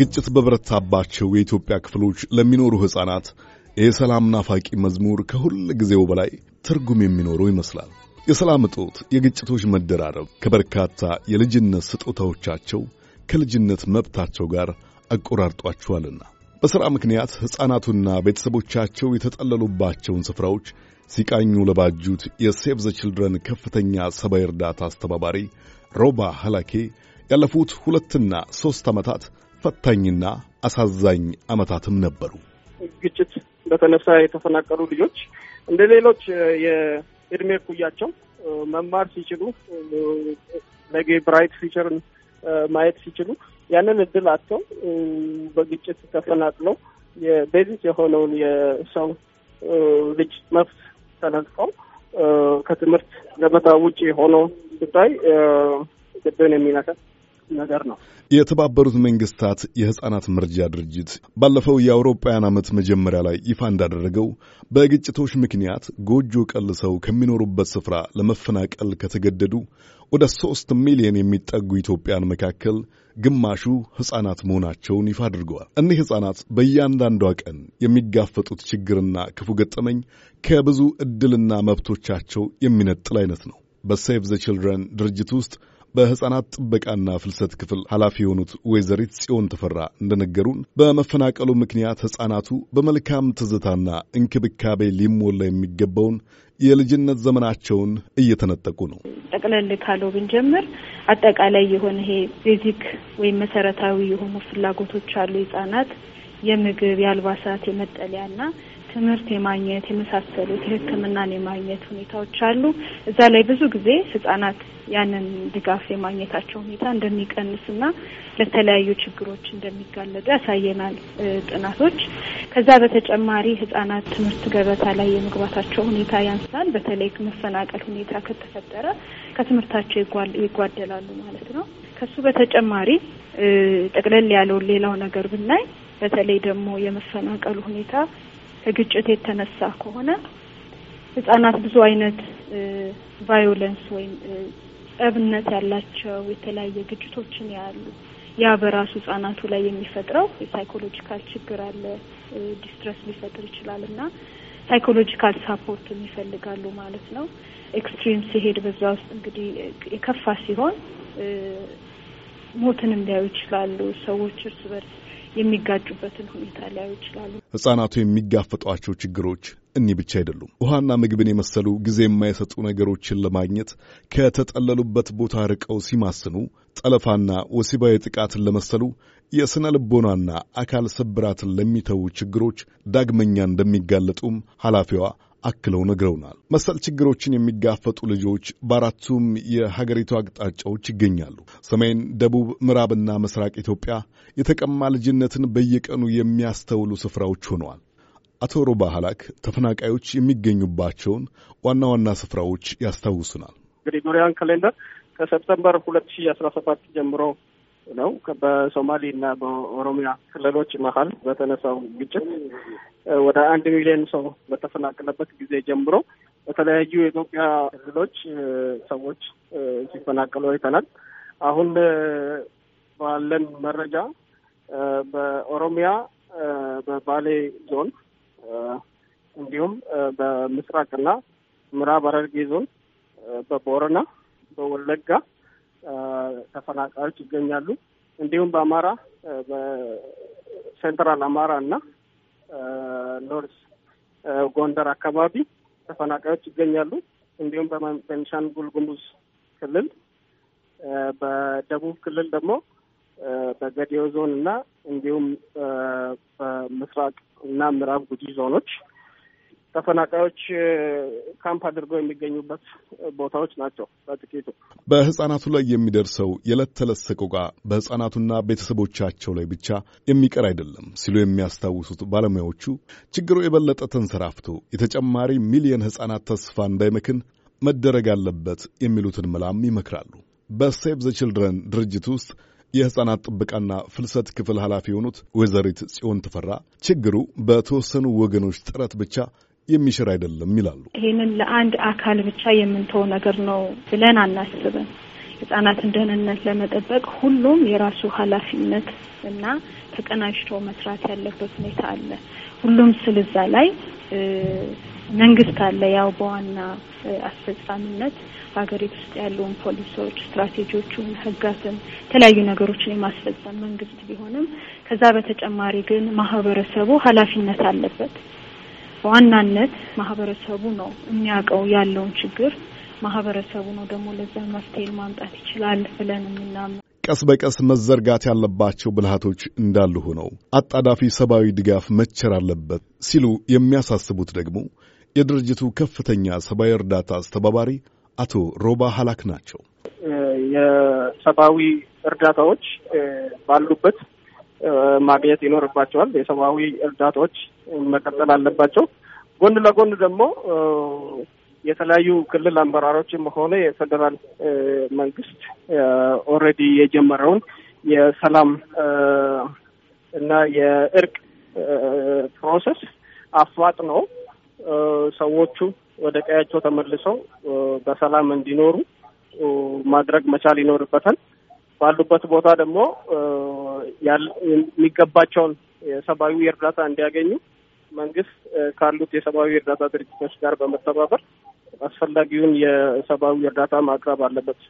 ግጭት በበረታባቸው የኢትዮጵያ ክፍሎች ለሚኖሩ ሕፃናት የሰላም ናፋቂ መዝሙር ከሁል ጊዜው በላይ ትርጉም የሚኖረው ይመስላል። የሰላም እጦት፣ የግጭቶች መደራረብ ከበርካታ የልጅነት ስጦታዎቻቸው ከልጅነት መብታቸው ጋር አቆራርጧቸዋልና በሥራ ምክንያት ሕፃናቱና ቤተሰቦቻቸው የተጠለሉባቸውን ስፍራዎች ሲቃኙ ለባጁት የሴቭ ዘ ችልድረን ከፍተኛ ሰብአዊ እርዳታ አስተባባሪ ሮባ ሐላኬ ያለፉት ሁለትና ሦስት ዓመታት ፈታኝና አሳዛኝ ዓመታትም ነበሩ። ግጭት በተነሳ የተፈናቀሉ ልጆች እንደ ሌሎች የእድሜ እኩያቸው መማር ሲችሉ ነገ ብራይት ፊቸርን ማየት ሲችሉ ያንን እድል አጥተው በግጭት ተፈናቅለው የቤዚክ የሆነውን የሰው ልጅ መብት ተነጥቀው ከትምህርት ገበታ ውጭ የሆነው ሲታይ ልብን የሚነካ ነገር ነው። የተባበሩት መንግስታት የህጻናት መርጃ ድርጅት ባለፈው የአውሮፓውያን ዓመት መጀመሪያ ላይ ይፋ እንዳደረገው በግጭቶች ምክንያት ጎጆ ቀልሰው ከሚኖሩበት ስፍራ ለመፈናቀል ከተገደዱ ወደ ሶስት ሚሊዮን የሚጠጉ ኢትዮጵያን መካከል ግማሹ ሕፃናት መሆናቸውን ይፋ አድርገዋል። እኒህ ሕፃናት በእያንዳንዷ ቀን የሚጋፈጡት ችግርና ክፉ ገጠመኝ ከብዙ ዕድልና መብቶቻቸው የሚነጥል አይነት ነው። በሴቭ ዘ ችልድረን ድርጅት ውስጥ በህጻናት ጥበቃና ፍልሰት ክፍል ኃላፊ የሆኑት ወይዘሪት ጽዮን ተፈራ እንደነገሩን በመፈናቀሉ ምክንያት ህጻናቱ በመልካም ትዝታና እንክብካቤ ሊሞላ የሚገባውን የልጅነት ዘመናቸውን እየተነጠቁ ነው። ጠቅለል ካለው ብንጀምር አጠቃላይ የሆነ ይሄ ቤዚክ ወይም መሰረታዊ የሆኑ ፍላጎቶች አሉ። ህጻናት የምግብ፣ የአልባሳት፣ የመጠለያና ትምህርት የማግኘት የመሳሰሉት የሕክምናን የማግኘት ሁኔታዎች አሉ። እዛ ላይ ብዙ ጊዜ ህጻናት ያንን ድጋፍ የማግኘታቸው ሁኔታ እንደሚቀንስና ለተለያዩ ችግሮች እንደሚጋለጡ ያሳየናል ጥናቶች። ከዛ በተጨማሪ ህጻናት ትምህርት ገበታ ላይ የመግባታቸው ሁኔታ ያንሳል። በተለይ መፈናቀል ሁኔታ ከተፈጠረ ከትምህርታቸው ይጓደላሉ ማለት ነው። ከሱ በተጨማሪ ጠቅለል ያለውን ሌላው ነገር ብናይ በተለይ ደግሞ የመፈናቀሉ ሁኔታ ከግጭት የተነሳ ከሆነ ህጻናት ብዙ አይነት ቫዮለንስ ወይም ጸብነት ያላቸው የተለያየ ግጭቶችን ያሉ ያ በራሱ ህጻናቱ ላይ የሚፈጥረው የሳይኮሎጂካል ችግር አለ። ዲስትረስ ሊፈጥር ይችላል እና ሳይኮሎጂካል ሳፖርት ይፈልጋሉ ማለት ነው። ኤክስትሪም ሲሄድ በዛ ውስጥ እንግዲህ የከፋ ሲሆን ሞትንም ሊያዩ ይችላሉ። ሰዎች እርስ በርስ የሚጋጩበትን ሁኔታ ሊያዩ ይችላሉ። ህጻናቱ የሚጋፈጧቸው ችግሮች እኒህ ብቻ አይደሉም። ውሃና ምግብን የመሰሉ ጊዜ የማይሰጡ ነገሮችን ለማግኘት ከተጠለሉበት ቦታ ርቀው ሲማስኑ፣ ጠለፋና ወሲባዊ ጥቃትን ለመሰሉ የሥነ ልቦናና አካል ስብራትን ለሚተዉ ችግሮች ዳግመኛ እንደሚጋለጡም ኃላፊዋ አክለው ነግረውናል። መሰል ችግሮችን የሚጋፈጡ ልጆች በአራቱም የሀገሪቱ አቅጣጫዎች ይገኛሉ። ሰሜን፣ ደቡብ፣ ምዕራብና ምስራቅ ኢትዮጵያ የተቀማ ልጅነትን በየቀኑ የሚያስተውሉ ስፍራዎች ሆነዋል። አቶ ሮባ ሀላክ ተፈናቃዮች የሚገኙባቸውን ዋና ዋና ስፍራዎች ያስታውሱናል። ግሪጎሪያን ካሌንደር ከሰፕተምበር ሁለት ሺ አስራ ሰባት ጀምሮ ነው። በሶማሌ እና በኦሮሚያ ክልሎች መሀል በተነሳው ግጭት ወደ አንድ ሚሊዮን ሰው በተፈናቀለበት ጊዜ ጀምሮ በተለያዩ የኢትዮጵያ ክልሎች ሰዎች ሲፈናቀሉ አይተናል። አሁን ባለን መረጃ በኦሮሚያ በባሌ ዞን እንዲሁም በምስራቅና ምዕራብ ሐረርጌ ዞን በቦረና፣ በወለጋ ተፈናቃዮች ይገኛሉ። እንዲሁም በአማራ በሴንትራል አማራ እና ኖርዝ ጎንደር አካባቢ ተፈናቃዮች ይገኛሉ። እንዲሁም በቤንሻንጉል ጉሙዝ ክልል፣ በደቡብ ክልል ደግሞ በገዲዮ ዞን እና እንዲሁም በምስራቅ እና ምዕራብ ጉጂ ዞኖች ተፈናቃዮች ካምፕ አድርገው የሚገኙበት ቦታዎች ናቸው። በጥቂቱ በህጻናቱ ላይ የሚደርሰው የዕለት ተዕለት ሰቆቃ በህጻናቱና ቤተሰቦቻቸው ላይ ብቻ የሚቀር አይደለም ሲሉ የሚያስታውሱት ባለሙያዎቹ ችግሩ የበለጠ ተንሰራፍቶ የተጨማሪ ሚሊዮን ህጻናት ተስፋ እንዳይመክን መደረግ አለበት የሚሉትን መላም ይመክራሉ። በሴቭ ዘ ችልድረን ድርጅት ውስጥ የህጻናት ጥበቃና ፍልሰት ክፍል ኃላፊ የሆኑት ወይዘሪት ጽዮን ተፈራ ችግሩ በተወሰኑ ወገኖች ጥረት ብቻ የሚሽር አይደለም ይላሉ። ይህንን ለአንድ አካል ብቻ የምንተው ነገር ነው ብለን አናስብም። ህጻናትን ደህንነት ለመጠበቅ ሁሉም የራሱ ኃላፊነት እና ተቀናጅቶ መስራት ያለበት ሁኔታ አለ። ሁሉም ስልዛ ላይ መንግስት አለ ያው በዋና አስፈጻሚነት ሀገሪት ውስጥ ያለውን ፖሊሲዎች፣ ስትራቴጂዎቹን፣ ህጋትን፣ የተለያዩ ነገሮችን የማስፈጸም መንግስት ቢሆንም ከዛ በተጨማሪ ግን ማህበረሰቡ ኃላፊነት አለበት። በዋናነት ማህበረሰቡ ነው የሚያውቀው ያለውን ችግር ማህበረሰቡ ነው ደግሞ ለዛ መፍትሄ ማምጣት ይችላል ብለን የምናምን ቀስ በቀስ መዘርጋት ያለባቸው ብልሃቶች እንዳሉ ሆነው አጣዳፊ ሰብአዊ ድጋፍ መቸር አለበት ሲሉ የሚያሳስቡት ደግሞ የድርጅቱ ከፍተኛ ሰብአዊ እርዳታ አስተባባሪ አቶ ሮባ ሀላክ ናቸው። የሰብአዊ እርዳታዎች ባሉበት ማግኘት ይኖርባቸዋል። የሰብአዊ እርዳታዎች መቀጠል አለባቸው። ጎን ለጎን ደግሞ የተለያዩ ክልል አመራሮችም ሆነ የፌዴራል መንግስት ኦልሬዲ የጀመረውን የሰላም እና የእርቅ ፕሮሰስ አፋጥ ነው። ሰዎቹ ወደ ቀያቸው ተመልሰው በሰላም እንዲኖሩ ማድረግ መቻል ይኖርበታል። ባሉበት ቦታ ደግሞ የሚገባቸውን የሰብአዊ እርዳታ እንዲያገኙ መንግስት ካሉት የሰብአዊ እርዳታ ድርጅቶች ጋር በመተባበር አስፈላጊውን የሰብአዊ እርዳታ ማቅረብ አለበት።